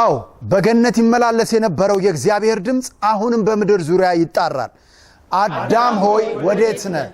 አዎ በገነት ይመላለስ የነበረው የእግዚአብሔር ድምፅ አሁንም በምድር ዙሪያ ይጣራል። አዳም ሆይ ወዴት ነህ?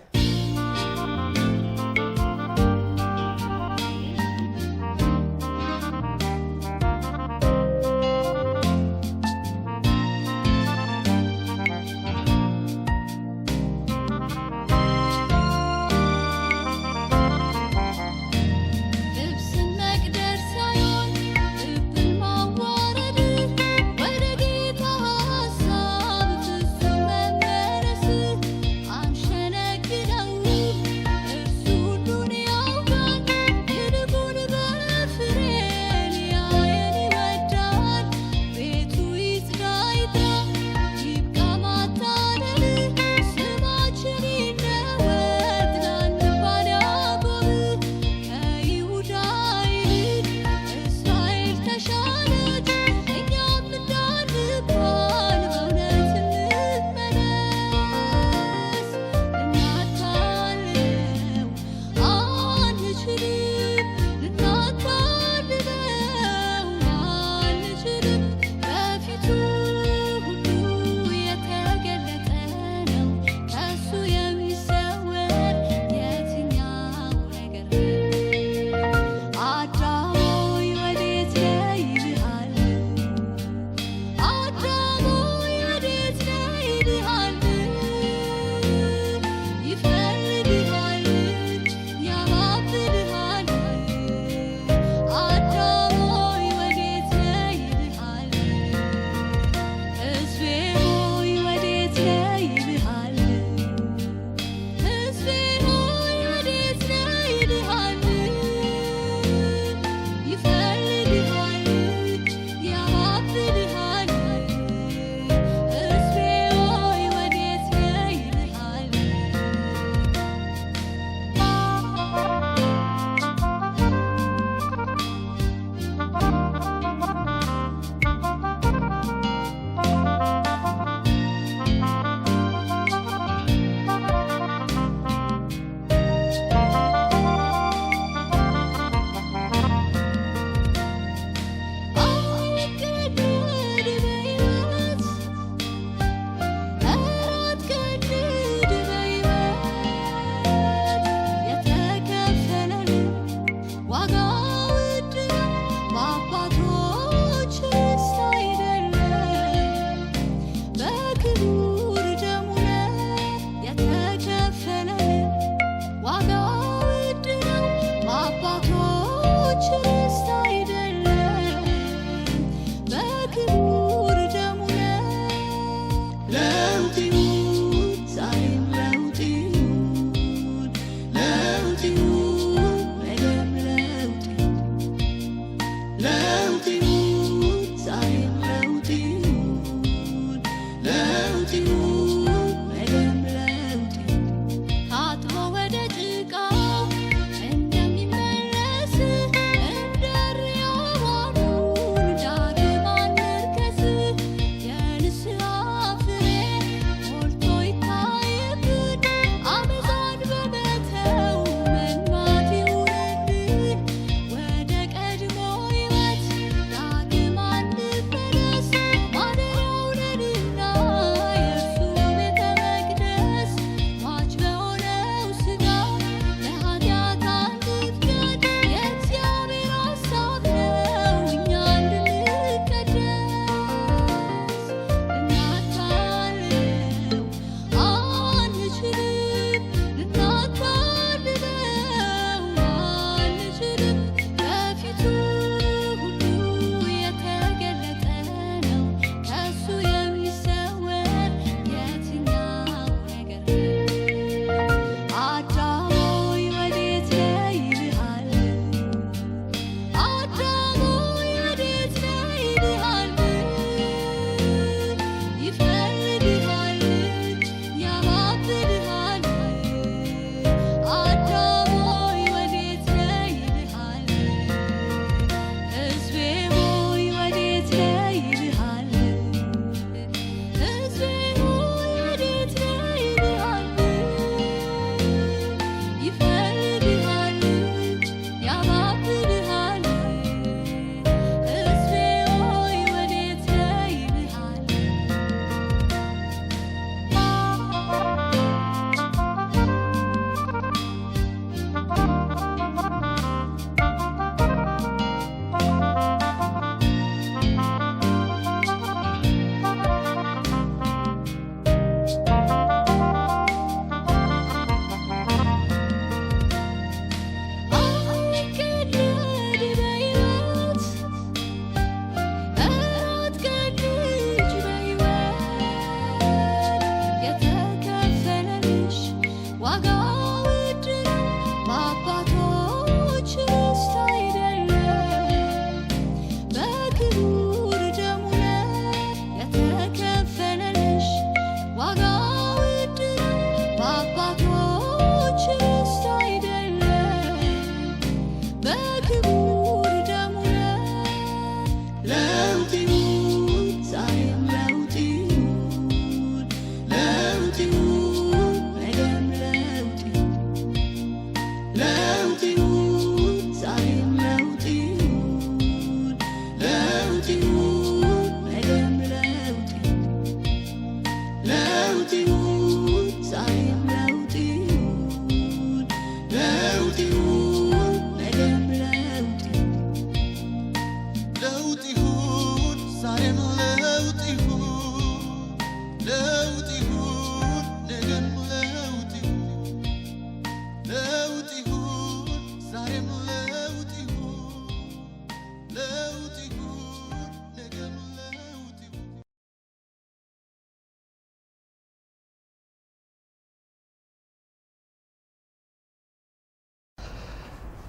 ዛሬም ለውጥ ይሁን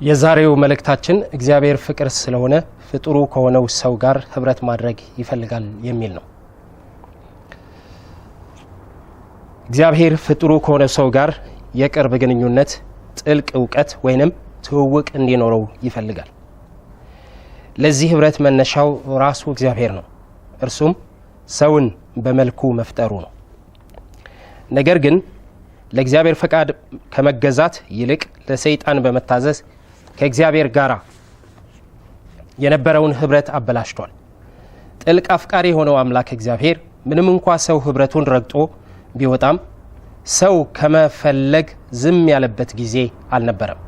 የዛሬው መልእክታችን እግዚአብሔር ፍቅር ስለሆነ ፍጡሩ ከሆነው ሰው ጋር ህብረት ማድረግ ይፈልጋል የሚል ነው። እግዚአብሔር ፍጡሩ ከሆነ ሰው ጋር የቅርብ ግንኙነት፣ ጥልቅ እውቀት ወይንም ትውውቅ እንዲኖረው ይፈልጋል። ለዚህ ህብረት መነሻው ራሱ እግዚአብሔር ነው። እርሱም ሰውን በመልኩ መፍጠሩ ነው። ነገር ግን ለእግዚአብሔር ፈቃድ ከመገዛት ይልቅ ለሰይጣን በመታዘዝ ከእግዚአብሔር ጋር የነበረውን ህብረት አበላሽቷል። ጥልቅ አፍቃሪ የሆነው አምላክ እግዚአብሔር ምንም እንኳ ሰው ህብረቱን ረግጦ ቢወጣም ሰው ከመፈለግ ዝም ያለበት ጊዜ አልነበረም።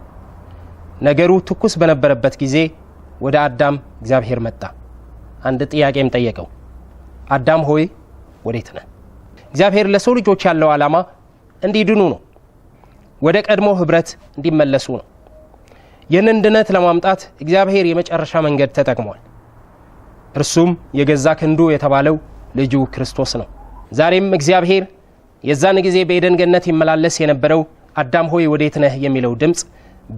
ነገሩ ትኩስ በነበረበት ጊዜ ወደ አዳም እግዚአብሔር መጣ። አንድ ጥያቄም ጠየቀው፣ አዳም ሆይ ወዴት ነህ? እግዚአብሔር ለሰው ልጆች ያለው ዓላማ እንዲድኑ ነው፣ ወደ ቀድሞ ህብረት እንዲመለሱ ነው። ይህንን ድነት ለማምጣት እግዚአብሔር የመጨረሻ መንገድ ተጠቅሟል። እርሱም የገዛ ክንዱ የተባለው ልጁ ክርስቶስ ነው። ዛሬም እግዚአብሔር የዛን ጊዜ በኤደን ገነት ይመላለስ የነበረው አዳም ሆይ ወዴት ነህ የሚለው ድምፅ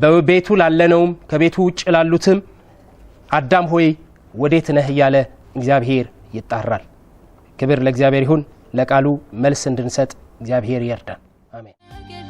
በቤቱ ላለነውም ከቤቱ ውጭ ላሉትም አዳም ሆይ ወዴት ነህ እያለ እግዚአብሔር ይጣራል። ክብር ለእግዚአብሔር ይሁን። ለቃሉ መልስ እንድንሰጥ እግዚአብሔር ይርዳን። አሜን።